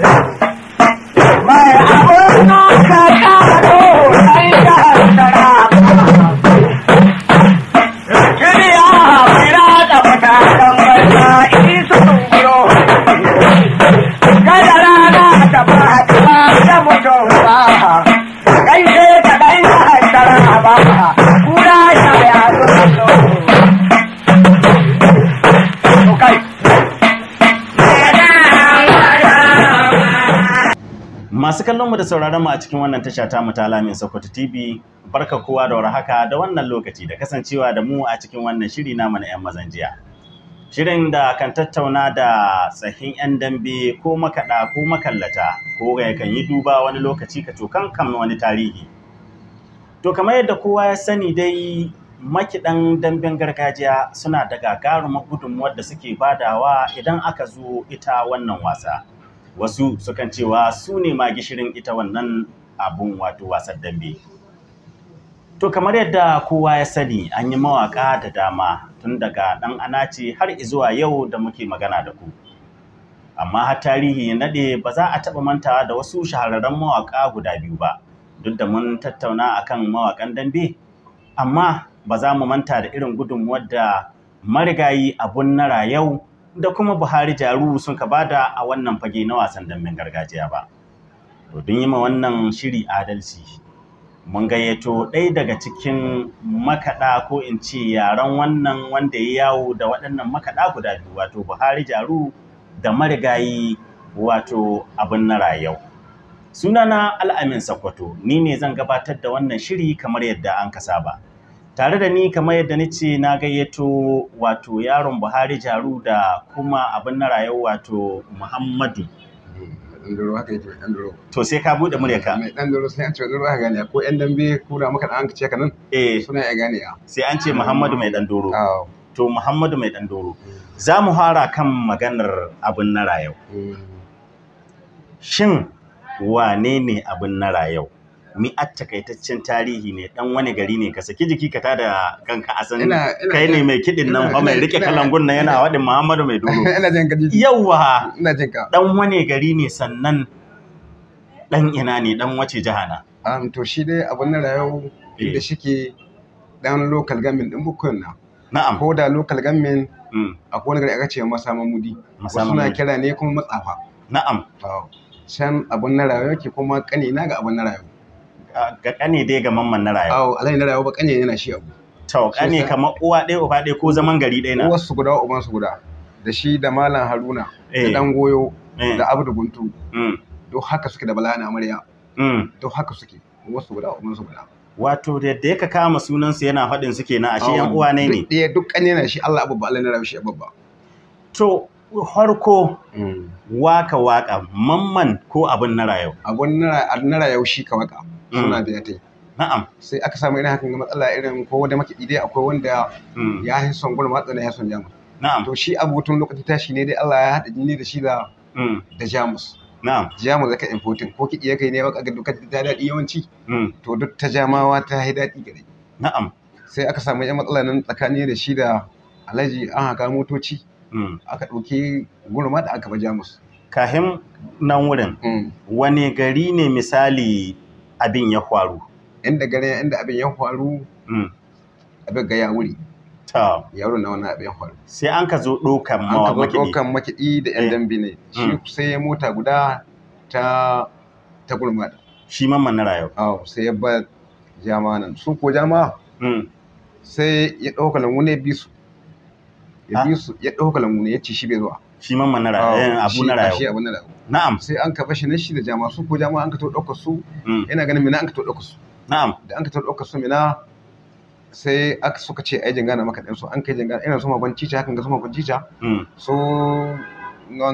मैं da sauraron mu a cikin wannan tasha ta mu ta Lamin Sokoto TV. Barka kowa da warhaka da wannan lokaci da kasancewa da mu a cikin wannan shiri namu na 'yan mazan jiya. Shirin da kan tattauna da tsahin 'yan dambe ko makaɗa ko makallata ko ga kan yi duba wani lokaci ka cokan kan wani tarihi. To kamar yadda kowa ya sani dai makiɗan damben gargajiya suna da gagarumar gudunmuwar da suke badawa idan aka zo ita wannan wasa. wasu sukan cewa su ne ma gishirin ita wannan abun wato wasan dambe to kamar yadda kowa ya sani an yi mawaƙa da dama tun daga ɗan anace har izuwa yau da muke magana da ku amma har tarihi ya naɗe ba za a taɓa mantawa da wasu shahararren mawaƙa guda biyu ba duk da mun tattauna akan mawakan dambe amma ba za mu manta da irin gudunmuwar da marigayi abun nara yau da kuma Buhari Jaru sun ka bada a wannan fage na wasan damben gargajiya ba. To don yi ma wannan shiri adalci mun gayyato ɗaya daga cikin makaɗa ko in ce yaran wannan wanda ya yawo da waɗannan makaɗa guda biyu wato Buhari Jaru da marigayi wato abin na rayau. Sunana Al'amin Sakkwato, ni ne zan gabatar da wannan shiri kamar yadda an ka saba. tare da ni kamar yadda ni ce na gayyato wato yaron buhari jaru da kuma abin na rayuwa wato muhammadu To sai ka bude murya ka. Mai ɗandaro sai an ce ɗandaro haka gane ko ƴan dambe kura maka an ce ka nan. Eh. Suna ya gane ya. Sai an ce Muhammadu mai dan doro To Muhammadu mai dan doro Za mu fara kan maganar abin na rayuwa hmm. Shin wane ne abin na rayuwa mi'at takaitaccen tarihi ne dan wani gari ne ka saki jiki ka tada kanka a san kai ne mai kidin nan fa mai rike kalangun nan yana wadin Muhammadu mai duro ina jin ka yawa ina jin ka dan wani gari ne sannan dan ina ne dan wace jahana um to shi dai abun nan rayuwa eh. da shike dan local government din bukun na na'am ko da local government mm. akwai wani gari aka ce masa mamudi wasu na kira ne kuma matsafa na'am can abun na rayuwa ke kuma kanina ga abun na rayuwa ga kane dai ga mamman na rayuwa awo alhaji na rayuwa ba kane yana shi abu to kane kamar uwa ɗaya uba ɗaya ko zaman gari ɗaya na uwar su guda uban su guda da shi da malam haruna da eh. dan goyo eh. da abdu guntu mm. duk haka suke da bala na amarya mm. duk haka suke uwar su guda uban su guda wato da yadda ya kama sunansu yana faɗin suke na shi yan uwa ne ne ɗaya duk kane yana shi Allah abu ba Allah na rayuwa shi abubuwa. to harko mm. waka waka mamman ko abin na rayau abin na rayau shi ka waka suna mm. biya ta yi na'am sai aka samu irin hakan matsala irin ko wanda maki dai akwai wanda mm. ya yi son gurin matsala ya son jamus na'am to shi abutun lokacin tashi ne dai Allah ya haɗa jini da shi da mm. da jamus na'am jamus zaka importing ko kiɗi ya kai ne baka ga dukkan ta daɗi yawanci to duk ta jamawa ta yi daɗi gare na'am sai aka samu yan matsala nan tsakani da shi da alhaji an haka motoci aka ɗauki gurma da aka ba jamus kahim nan wurin wani gari ne misali abin ya faru inda gare inda abin ya faru hmm. abin ga ya wuri yaro na wani abin faru sai an ka zo ɗaukan mawa makiɗi an ka zo makiɗi da yan eh. dambe ne shi hmm. sai mota guda ta ta gurmada shi mamman na yau. aw sai ya ba jama nan su ko jama hmm. sai ya ɗauka langu ne bi su ya bi su ya ah. ɗauka langu ne ya ci shi bai zuwa shi mamman na yau. Eh, abu na rayu shi abu na rayu na'am sai an ka bashi na shi da jama'a su ko jama'a an ka to dauka su mm. ina ganin mina an ka to dauka su na'am da an ka to dauka su mina sai aka suka ce ai jingana maka ɗin su an kai jingana ina so ban cica hakan ga so ban cica mm. so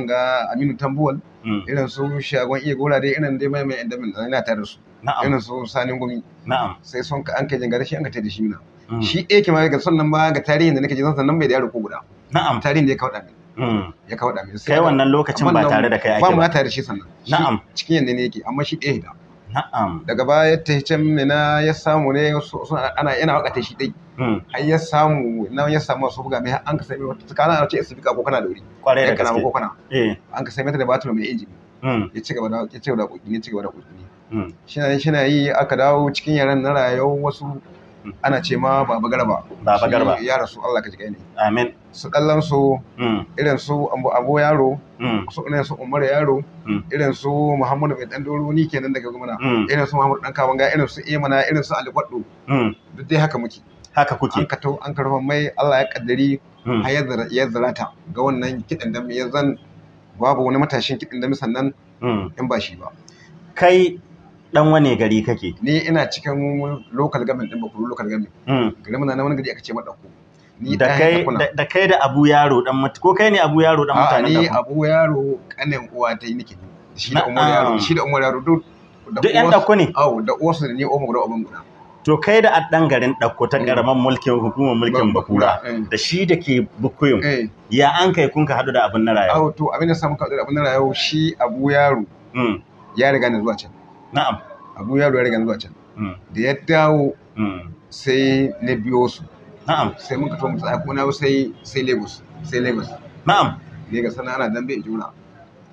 ga aminu tambuwal mm. irin su shagon iya gora dai irin dai mai mai inda min ina tare da su irin su sanin gumi na'am sai son ka an kai jingana shi an ka tare da shi mina shi ɗaya ma ga sannan ba ga tarihin da nake ji sannan bai da yaro ko guda na'am tarihin da ya kawo ɗamin Mm. ya kawo da sai kai wannan lokacin ba tare da kai ake ba ba tare da shi sannan na'am cikin yanne ne yake amma shi ɗaya da na'am daga baya ta can na ya samu ne ana yana wakata shi dai mm. har ya samu na ya samu su buga mai an ka sai wata kana ce su fika ko kana da wuri kwarai da gaske ko kana eh an ka sai ta da batul mai injin mm. ya ci gaba da ya ci gaba da kokini ya ci gaba da kokini shi shina yi aka dawo cikin yaran na rayuwar wasu ana ce ma baba garba baba garba ya rasu Allah ka ji ne amin su kallon su mm. irin su abu yaro mm. su ne su umar yaro mm. irin su muhammadu mai dan doro ni kenan daga gumana irin su muhammadu dan kawanga irin su imana irin su alikwaddo duk dai haka muke haka kuke an kato an karfa mai Allah ya kaddari hayyar ya zarata ga wannan kidan dan mai zan babu wani matashin kidan dan sannan in ba shi ba kai dan wane gari kake ni ina cikin local government din bakuru local government hmm. gari muna na wani gari aka ce madako ni da kai da kai da abu yaro dan mutu ko kai ne abu yaro dan mutanen ni abu yaro kanin uwa ta yi nake shi da umar yaro ah. shi da umar yaro duk duk yan dako ne au da uwarsu ne ni umar guda abun guda to kai da addan garin dako ta garaman hmm. mulkin hukumar mulkin bakura eh. da shi da ke bukuyin eh. ya an kai kun ka hadu da abin na rayuwa to abin da samu ka hadu da abin na rayuwa shi abu yaro hmm. ya riga ni zuwa can na'am abu yaro ya riga zuwa can mm. da ya dawo mm. sai na biyo su na'am sai muka to musa ko na sai sai Lagos sai Lagos na'am ne ga ana dambe juna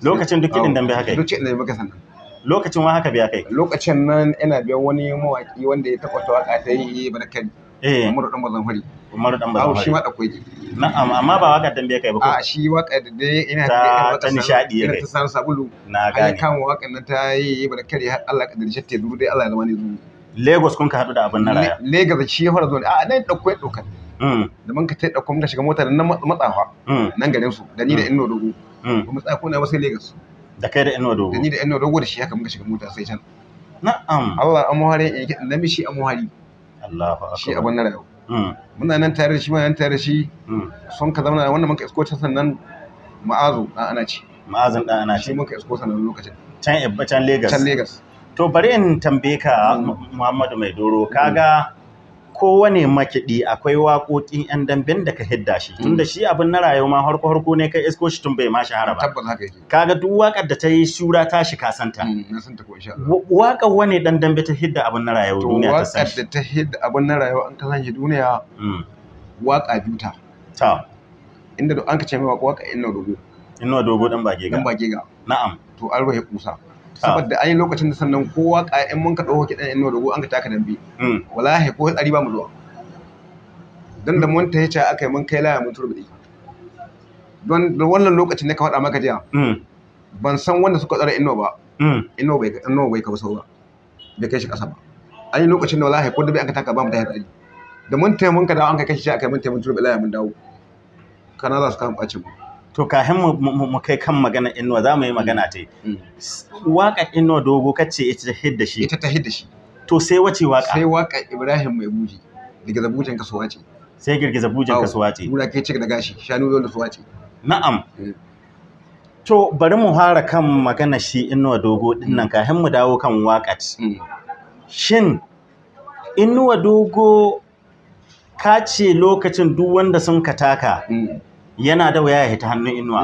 lokacin duk kidin dambe haka duk kidin dambe muka sanan lokacin wa haka biya kai lokacin nan ina biyan wani mawaki wanda ya tabbata waka ta yi barkan eh Muhammadu dan hari. Umaru dan Bazawari. Au shi ma da kogi. Na'am amma ba waka dambe kai ba. A shi wakar da ina ta ta nishadi ya kai. Ta san sabulu. Na gane. Ai kan wakar nan ta yi ba da kare har Allah ka dirje ta duru dai Allah ya zama ne duru. Lagos kun ka hadu da abin na raya. Lagos shi ya fara zuwa a nan dauko ya dauka. Mm. Da man ka tai dauko muka shiga mota nan matsafa. Mm. Nan garin su da ni da mm. Inno Dogo. Kuma tsaya kuna wasu Lagos. Da kai da Inno Dogo. Da ni da Inno Dogo da shi haka muka shiga mota sai can. Na'am. Allah amuhari in yi namishi amuhari. Allahu akbar. Shi abin na rayuwa. muna nan tare da shi muna nan tare da shi hmm. sun ka zauna wanda muka isko ta sannan ma'azu dan ana ci ma'azin dan ana ci muka isko sannan lokacin can ibba can Lagos can Lagos to bari in tambaye ka hmm. Muhammadu maidoro kaga hmm. kowane makiɗi akwai waƙoƙin yan damben da ka hidda shi mm. tunda shi abin na rayuwa ma harko harko ne kai isko shi tun bai ma shahara ba tabbas haka yake kaga duk waƙar da ta yi shura ta shi kasanta mm, na san ta ko insha Allah waƙar wane dan dambe ta hidda abin na rayuwa duniya ta san waƙar da ta hidda abin na rayuwa an kasan san shi duniya mm. waƙa biyu ta inda an ka ce mai waƙa waƙa inna dogo inna dogo dan bage ga dan bage ga na'am to alwaye kusa saboda an yi lokacin da sannan kowa ƙa'yan mun ka ɗauko kiɗan ino dogo an ka taka dambe mm. wallahi ko tsari ba mu zuwa don da mun ta yace aka yi mun kai laya mun turbi don wannan lokacin da ka faɗa maka jiya mm. ban san wanda suka tsara inuwa ba mm. inuwa bai ino bai ka ba bai kai shi ƙasa ba an yi lokacin da wallahi ko da bai an ka taka ba mu ta tsari da mun ta mun ka dawo an ka kai shi aka yi mun ta mun turbi laya mun dawo kana za su kan ɓace mu to kahin mu kai kan magana inuwa za mu yi magana mm. ta yi waka inuwa dogo kace ita ta hidda shi ita ta hidda shi to sai wace waka sai waka ibrahim mai buji daga zabujan ka suwace sai girgiza bujan kasuwa ce mura kai cika da gashi shanu yau da suwace na'am mm. to bari mu fara kan magana shi inuwa dogo din nan mm. kahin mu dawo kan waƙa. shin inuwa dogo ka ce lokacin duk wanda sun kataka yana da waya ya ta hannun inuwa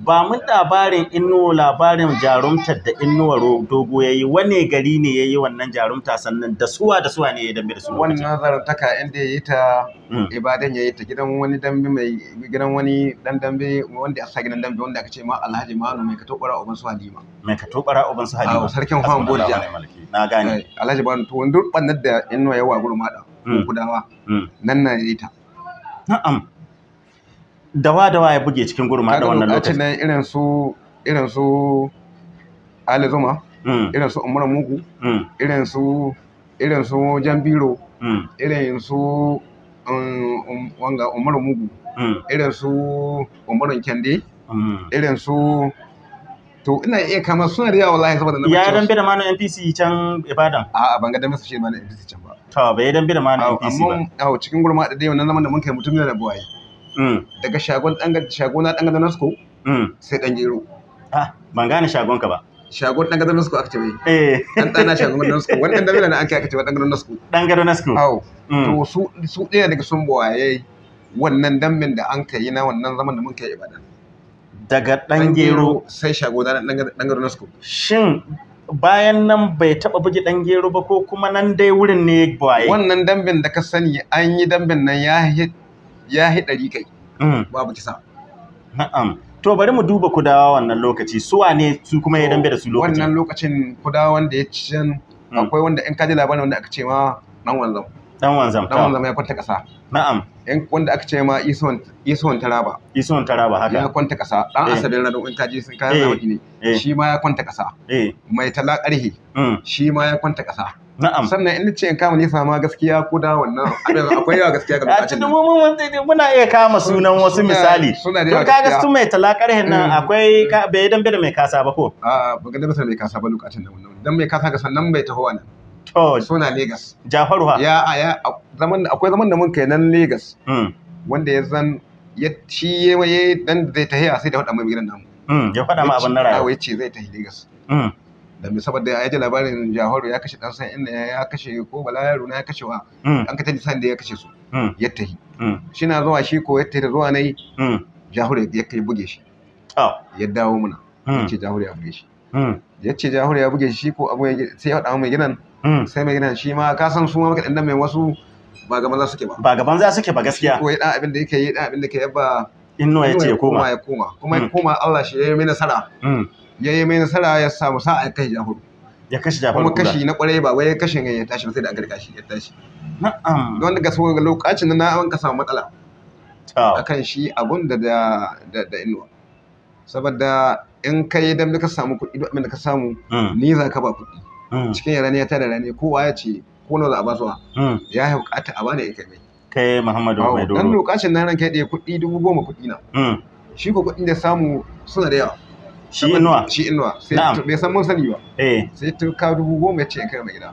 ba mun labarin inuwa labarin jarumtar da inuwa dogo ya yi wane gari ne ya yi wannan jarumta sannan da suwa da suwa ne ya dambe da su wannan zarantaka inda ya yi ta hmm. ibadan ya yi ta gidan wani dambe mai gidan wani dan dambe wanda ya sa gidan dambe wanda aka ce ma alhaji malu mai katobara bara uban su halima mai katobara bara uban su halima sarkin kwan bodja na gane alhaji malu to wani duk bannar da inuwa ya wa gurmada ko hmm. kudawa hmm. nan na yi ta na'am dawa dawa ya buge cikin gurma da wannan lokacin nan irin su irin su Ali Zuma hmm. irin su Umar Mugu hmm. irin su irin su Jambiro hmm. irin su um, um, wanga Umar Mugu irin su Umar Kende irin su to ina iya kama suna da yawa wallahi saboda na ya dan bi da manu NPC can Ibadan a a ban da masa shi manu NPC can ba to bai dan bi da manu NPC ba amma cikin gurma da dai wannan zaman da mun kai mutum ne da buwaye Mm. daga shagon dan shagona dan gadan nasko mm. sai dan gero ah ban gane shagon ka ba shagon dan gadan nasko aka ce mai eh dan shagon gadan nasko wani dan dabila na an kai aka ce dan gadan nasko dan gadan nasko au mm. to su su ɗaya daga sun buwaye wannan damin da an kai na wannan zaman da mun kai ibada daga dan gero sai shagona dan gadan nasko shin bayan nan bai taba buge dan gero ba ko kuma nan dai wurin ne ya baye wannan dambin da ka sani an yi dambin nan ya ya hi ɗari kai mm. babu kisa na'am to bari mu duba kudawa wannan lokaci su wane su kuma ya dambe da su lokacin wannan lokacin kudawa wanda ya ci mm. akwai wanda in kaji labarin wanda aka ce ma dan wanzam dan wanzam Ɗan wanzam ya kwanta ƙasa. na'am wanda aka ce ma ison ison taraba ison taraba haka ya kwanta ƙasa. dan eh. asabin rado in kaji sun kaya eh. zamani ne eh. shi ma ya kwanta ƙasa. mai tala mm. shi ma ya kwanta ƙasa. na'am sannan in ce in kama nisa ma gaskiya ko da wannan akwai yawa gaskiya ga lokacin da mu mun muna iya kama sunan wasu misali to kaga su mai talakar nan mm. akwai bai dan da mai kasa ba ko a ba ga dan mai kasa ba lokacin da wannan dan mai kasa ga sannan bai taho nan to suna Lagos Jafaru ha ya ya zaman akwai zaman da mun kai nan Lagos mm. wanda ya zan ya ciye waye dan zai tahi a sai da faɗa mai gidan namu mm, ya faɗa ma abin na rayuwa ya ce zai tahi Lagos da saboda ya ji labarin Jahoru ya kashe dan san inda ya kashe ko Bala yaro na ya kashe wa hmm. an ka taji san da ya kashe su hmm. ya tahi hmm. shi na zuwa shi ko ya tahi da zuwa nai Jahoru ya kai buge shi oh. ya dawo muna ya ce Jahoru ya buge shi ya ce Jahoru ya buge shi ko abu sai ya faɗa mai gidan sai mai gidan shi ma ka san su ma maka dan mai wasu ba gaban za suke ba ba gaban za suke ba gaskiya ko ya dan abin da yake yi dan abin da yake yaba inno ya ce ya koma kuma ya koma Allah shi ya yi mai nasara ya yi mai nasara ya samu sa'a ya kashe ya kashe jafaru kuma kashi na kwarai ba wai ya kashe ya tashi ba sai da agar kashi ya tashi na'am don daga ga lokacin da na an ka samu matsala akan shi abun da da da inuwa saboda in kai dan ka samu kuɗi duk abin da ka samu mm. ni za ka ba kuɗi mm. cikin yarani ya tada rani kowa ya ce ko nawa za a basuwa mm. ya yi bukata a bani ya kai mai kai muhammadu mai doro dan lokacin nan ran kai da kuɗi dubu goma kuɗi na shi ko kuɗin da samu suna da yawa shi inuwa shi inuwa sai bai san mun sani ba eh sai ta ka dubu goma ya ce in kai mai gida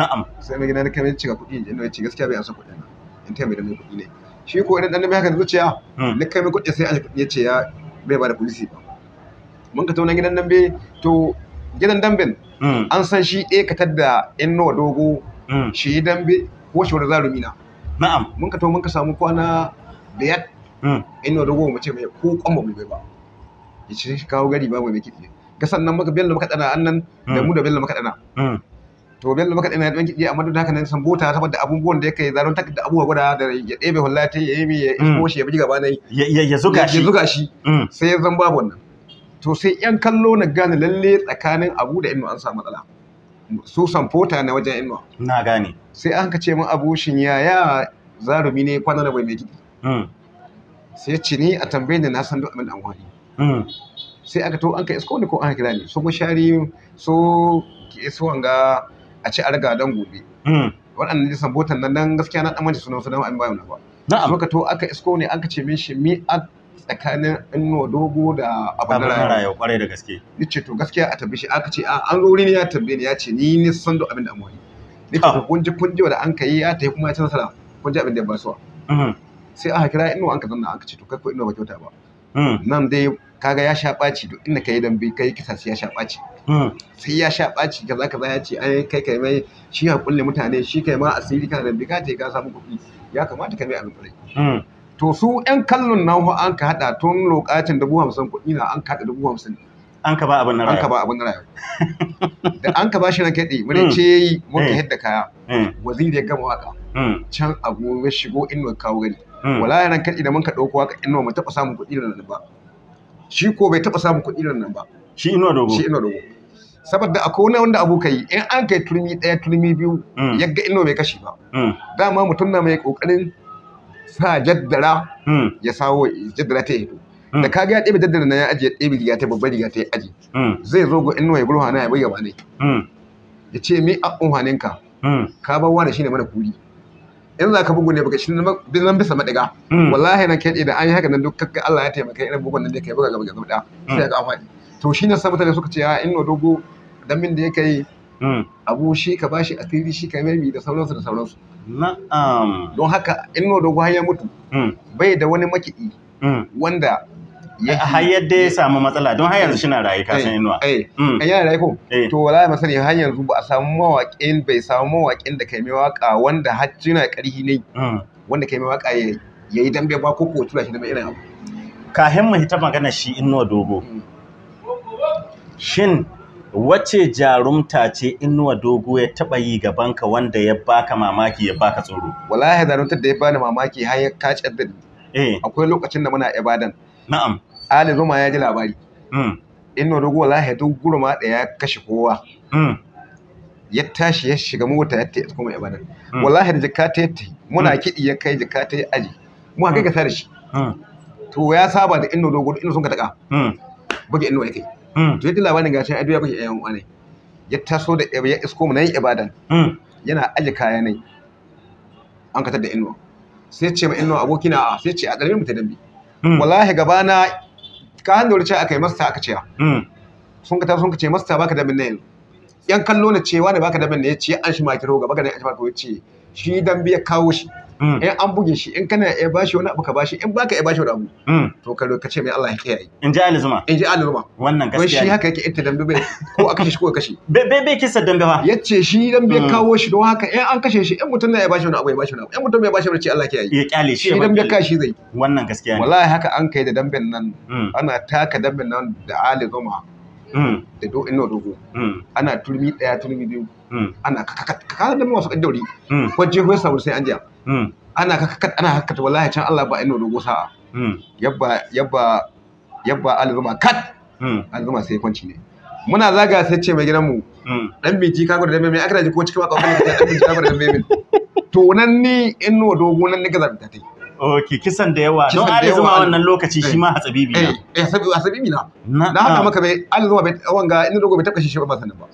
na'am sai mai gida na kai ce ga kuɗi in ya ce gaskiya bai ansa kuɗin na, in ta mai da mai kuɗi ne shi ko idan dan mai haka zuciya hmm. na kai mai kuɗi sai an ya ce ya bai ba da kuɗi ba mun ka tauna gidan dambe to gidan damben hmm. an san shi ɗaya ka tadda inuwa dogo hmm. shi yi dambe ko shi wani zarumi na na'am mun ka tauna mun ka samu kwana biyar inuwa dogo mace mai ko kwamba bai ba ya ce kawo gari babu mai kiɗi ga sannan maka bello maka dana annan hmm. da mu da bello maka dana hmm. to bello maka dana dan kiɗi amma duk haka nan san bota saboda abubuwan da yake zaron da abubuwa guda da ya ɗebe hullata ya yi hmm. ya isko shi ya bi gaba nai ya zuga shi ya zuga shi sai ya zan babu wannan to sai yan kallo na gane lalle tsakanin abu da inuwa an samu matsala su samfota na wajen inuwa na gane sai an ka ce min abu shin yaya zarumi ne kwanan da bai mai kiɗi sai ce ni a tambayin da na san duk abin da an wani Hmm. sai aka to an ka isko ni ko an kira ni so mushari so ki iso wanga a ci arga dan gobe hmm. ne san botan nan nan gaskiya na dan mace sunan sunan an bayan ba na'am aka to aka isko ne an ka ce min shi mi a tsakanin inno dogo da abin rayuwa kwarai da gaske ce to gaskiya a tabbi shi aka ce an rori ne ya tabbe ni ya ce ni ne san da abin da amuri ce to kun ji kun ji da an kai ya yi kuma ya ci nasara kun ji abin da ya basuwa hmm. sai aka kira inno an ka zanna aka ce to kai ko inno ba kyauta ba nan dai kaga ya sha ɓaci duk inda ka yi dambe ka yi kisa sai ya sha ɓaci hmm. sai ya sha ɓaci kaza kaza ya ce ai kai kai mai shi ya kulle mutane shi kai ma asiri kana dambe ka ce ka samu kuɗi ya kamata ka mai alƙurai hmm. to su ƴan kallon nan ho an ka haɗa tun lokacin dubu hamsin kuɗi na an ka haɗa dubu hamsin an ka ba abin na an ka ba abin na rayu da an ka ba shi rankaɗe mure hmm. ce yi muka hidda kaya waziri ya gama waka can abu ya shigo inuwa kawo gani wala ya rankaɗe da mun ka ɗauko waka inuwa mu taɓa samun kuɗi da ba shi ko bai taɓa samun kuɗi nan ba shi ina dogo shi ina dogo saboda akwai wani wanda abu kai in an kai turmi ɗaya turmi biyu mm. yagga ino mai kashi ba mm. dama mutum na mai kokarin sa jaddara mm. ya sawo jaddara ta hito da kaga ya ɗebe jaddara na ya ajiye ɗebe riga ta babbar riga ta ya aji zai zo ga ino ya gurhana ya bayyana ne ya ce me a unhaninka ka bawa da shi ne mana kuri in za ka bugu ne baka shi nan bisa madiga hmm. wallahi nan kai da an yi haka nan duk kakka Allah ya taimaka irin bugun nan da kai buga gaba gaba da hmm. sai ga amfani to shi ne sai mutane suka ce ya ah, no dogo dan min da yake yi hmm. abu shi ka bashi a tiri shi ka mai da sauransu da sauransu na'am don haka in no dogo har ya mutu bai da wani makiɗi wanda Eh, har da ya samu matsala don har yanzu na eh, rayu ka san eh, inuwa eh hmm. yana rayu ko to wallahi masani har yanzu ba a samu mawaƙin bai samu mawaƙin da kai mai waka wanda har yana ƙarhi ne hmm. wanda kai mai waka yayi dambe ba ko ko tura shi da irin abu kahin mu hita magana shi inuwa dogo shin wace jarumta ce inuwa dogo ya taba yi gabanka wanda ya baka mamaki ya baka tsoro wallahi jarumtar da ya bani mamaki har ya kace da akwai lokacin da muna ibadan na'am ali Roma ya ji labari hmm. inna rugu wallahi duk gurma da ya kashe kowa hmm. ya tashi ya shiga mota ya ta kuma ya bada. Hmm. wallahi da jakata ya tafi muna kiɗi ya kai jakata ya aji mu haka ka da shi to ya saba da inna dogo inna sun ka taka buge inna ya kai to ji labarin gashin adu ya kashe ƴan uwa ne ya taso da ya isko mu nan ibadan yana aje kaya ne an katar da inna sai ce ma inna abokina sai ce a ƙarfin mu ta dambi wallahi gabana ka hannu wani aka yi masta aka ciya hmm. sun ka ta sun ka ce masta baka da bin nayin yan kallo na cewa ne baka da bin ne ya ce an shi makiro ga baka da an shi makiro ya ce shi dan biya kawo shi in an buge shi in kana ya bashi wani abu ka bashi in baka ya bashi wani abu to ka ka ce mai Allah ya kiyaye in ji alizuma in ji alizuma wannan gaskiya shi haka yake ita dambe bai ko aka kashe shi ko kashi. kashe bai bai kisa dambe ba yace shi dambe ya kawo shi don haka in an kashe shi in mutum na ya bashi wani abu ya bashi wani abu in mutum ya bashi wani ce Allah ya kiyaye ya kyale shi shi dambe kashi shi zai wannan gaskiya ne wallahi haka an kai da damben nan ana taka damben nan da alizuma da do ino dogo ana turmi daya turmi biyu ana kakakaka da masu kaddauri ko jeho samu sai an jiya Hmm. ana kakkat ana hakkata wallahi can Allah ba ino dogo sa'a hmm. yabba yabba yabba alzuma kat hmm. alzuma sai kwanci ne muna zaga sai ce mai gidan mu dan biki kago da mai akira ji ko cikin waka wani da dan biki kago da mai to nan ni ino dogo nan ni gazar ta tai Ok, kisan da yawa. Don Ali Zuma wannan lokaci shi ma eh. hatsabibi eh, eh, na. Eh, hatsabibi na. Na haka maka bai Ali Zuma bai wanga ina dogo bai taba shi shi ba sanin ba.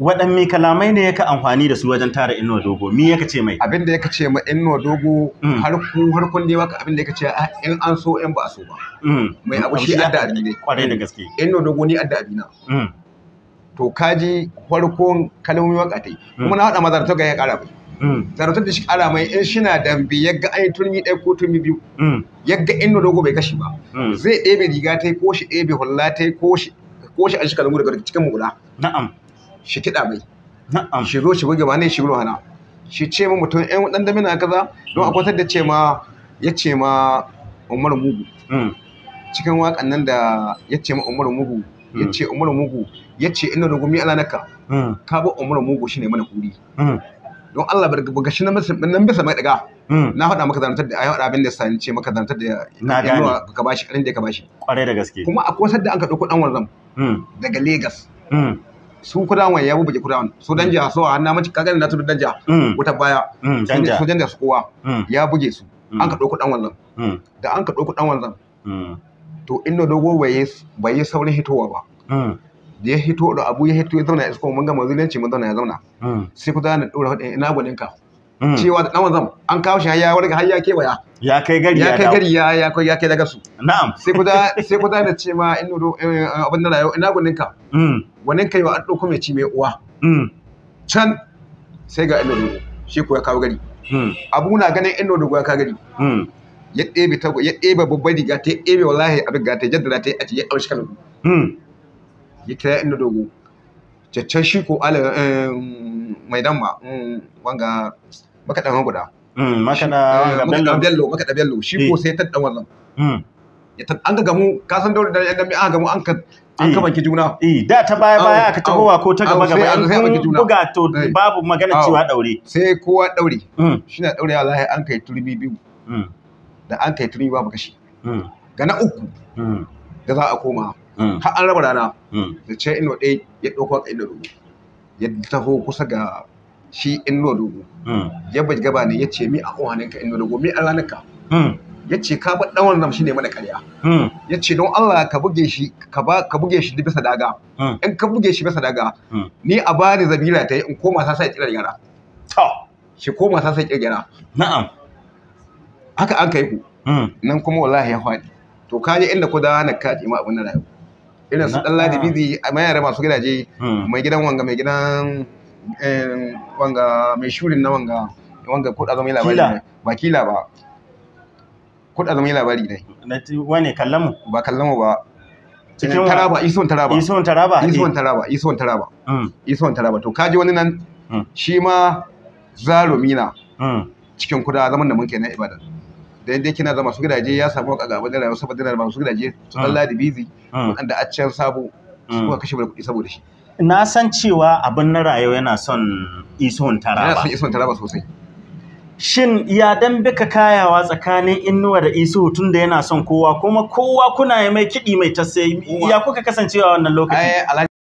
waɗanne kalamai ne yaka amfani da su wajen tara inuwa dogo mi yaka ce mai abin da yaka ce ma inuwa dogo mm. har ku ne waka abin da yaka ce ah, in an so in ba so ba mm. mai abu shi adda abi ne kwarai da gaske mm. inuwa dogo ni adda abi na to kaji harkun kalmomi waka tai kuma na hada mazarta ta ga ya kara bai zartar da shi kara mai in shina dambe yagga ai turmi ɗaya ko turmi biyu yagga inuwa dogo bai kashi ba zai ɗebe riga tai ko shi ɗebe hulla tai ko shi ko shi an shi kalmomi daga cikin mugula na'am shi kiɗa mai shi zo shi buge ba ne shi ruhana shi ce ma mutum eh, ɗan ɗan damina kaza don a kwatar da ce ma ya ce ma umar mugu mm. cikin waƙan nan da ya ce ma umar mugu ya mm. ce umar mugu ya ce ina da gumi alanaka mm. ka ba umar mugu shi ne mana kuri don Allah bar ga shi nan bisa mai daga na faɗa maka zantar da ayi faɗa abin da sani ce maka zantar da na gane ka bashi da ka bashi da gaske kuma a kosar da an ka ɗauko ɗan wanzam daga Legas su kudan wai ya bubuje kudan so dan jiha so a hannun mace kagarin na tudu danja mm. wata baya so mm, danja su kowa mm. ya buge su an ka ɗauko ɗan wannan da an ka ɗauko ɗan wannan to inda dogo bai yi saurin hitowa ba da ya hito da abu ya hito ya zauna ya isko mun gama zuliyanci mun zauna ya zauna sai ku na ɗora hudun ina gwaninka cewa da ɗan wanzan an kawo shi har ya warga har ya kewaya ya kai gari ya kai gari ya ya kai ya kai daga su na'am sai kuda sai kuda da ce ma in nuro eh, eh, abin da rayo ina gunin mm. ka mm wannan kai wa an dauko mai ci mai uwa mm can sai ga inu shi ko ya kawo gari mm abu na ganin inu da ya kawo gari mm ya ɗebe ta ya ɗebe babban riga ta ya ɗebe wallahi abin ga ta jaddada ta ya ɗauki kan mm ya kira inu dogo caccan shi ko ala eh, mai damma mm, wanga baka makaɗan guda Mm, makada eh, bello makada bello shi ko eh. sai ta dan wannan mm. an ga gamu ka san dole da yan an gamu an ka an ka eh. banki juna eh da ta baya baya aka tahowa ko ta gaba gaba an banki juna. buga to babu magana cewa daure sai kowa daure mm. shine daure wallahi an kai turmi biyu da an kai turmi babu kashi ga na uku da za a koma har an raba rana da ce ino ɗaya ya ɗauko ino ya taho kusa ga shi inuwa dogo hmm. ya bai gaba ne ya ce mi a in inuwa dogo mi a ranarka hmm. ya ce ka baɗa ɗan wannan shi ne mana karya hmm. ya ce don Allah ka buge shi ka buge shi bisa daga in ka buge shi bisa daga ni a bani zabira ta yi in koma sa sai kirar yara shi koma sa sai kirar yara na'am haka an kai ku nan kuma wallahi ya faɗi to ka je inda ku da na ka ma abin na rayu irin su ɗan ladibizi a mayar masu gidaje mai gidan wanga mai gidan Eh, wanga mai shurin na wanga wanga ko azumi labari ne ba kila ba ko azumi labari ne wane kallamu ba kallamu ba cikin taraba ison taraba ison taraba ison taraba ison taraba mm. ison taraba to kaji wani nan mm. shi ma zarumi na mm. cikin kuɗa zaman da mun kenan ibadan da yadda kina zama su gidaje ya samu a gaba da rayuwa saboda rayuwa su gidaje su Allah da bizi wanda a can sabo su kuka kashe kuɗi saboda shi na san cewa abin na rayuwa yana son ison taraba yana son ison taraba sosai shin ya dambe ka kayawa tsakanin innuwa da isu tun da yana son kowa kuma kowa kuna mai kiɗi mai tasse ya kuka kasancewa wannan lokacin